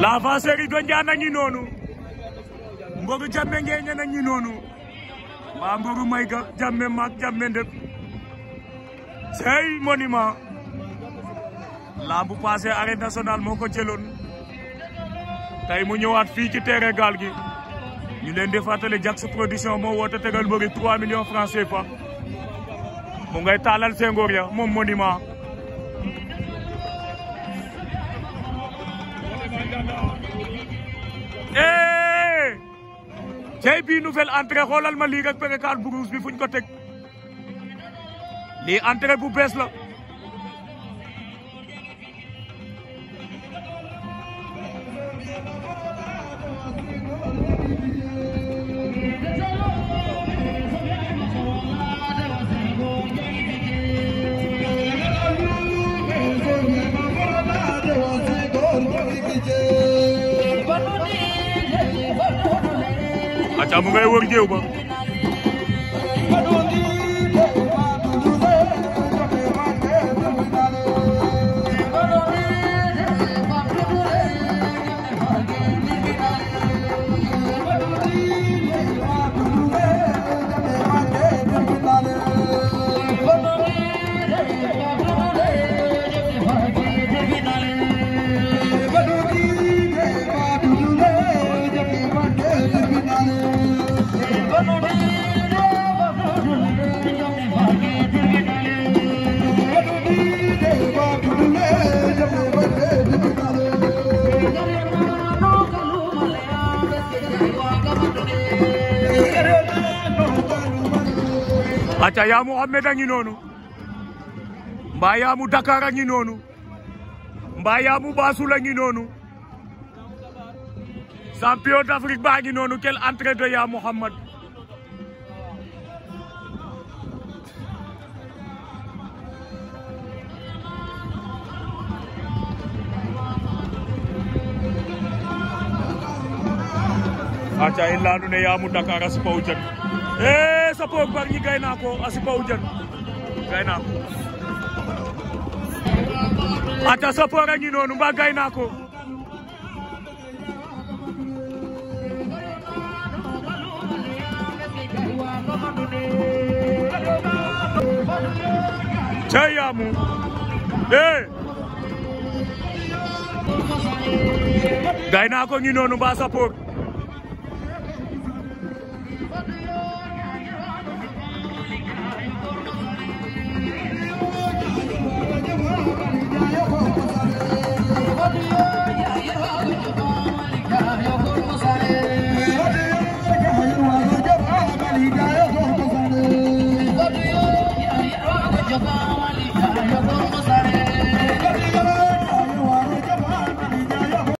l'avanceur yi doon jaan a ngi noonu mboru jàmme ngeeñan a ngi noonu mbaa mboru may ga jàmme maak jàmme sey monument laa bu passé arène moo ko jëloon tey mu ñëwaat fii ci terrain gaal gi ñu leen di fàttali Jaks production moo woote tegal mbëri 3 millions francs CFA mu ngay taalal sengoor ya moom monument eh cey bii nouvelle entrée xoolal ma lii rek pérékaan bu rouge bi fuñ ko teg lii entrée bu bees la aca mu ngay wër géew ba aca Ya Mouhamed a ngi noonu mbaa Ya Mou Dakar a noonu mbaa Ya Mou Bassoul a ngi noonu champion d'Afrique baa ngi noonu quelle entrée de Ya acha illa leya andoona yee yaam o Dakar a sipa o jan e sapo barñi gaynaak o a sipa o jan gaynaak ata sapoor a ngi noonu mbaa gaynaak o cey yaamu e gaynaak o ngi Yo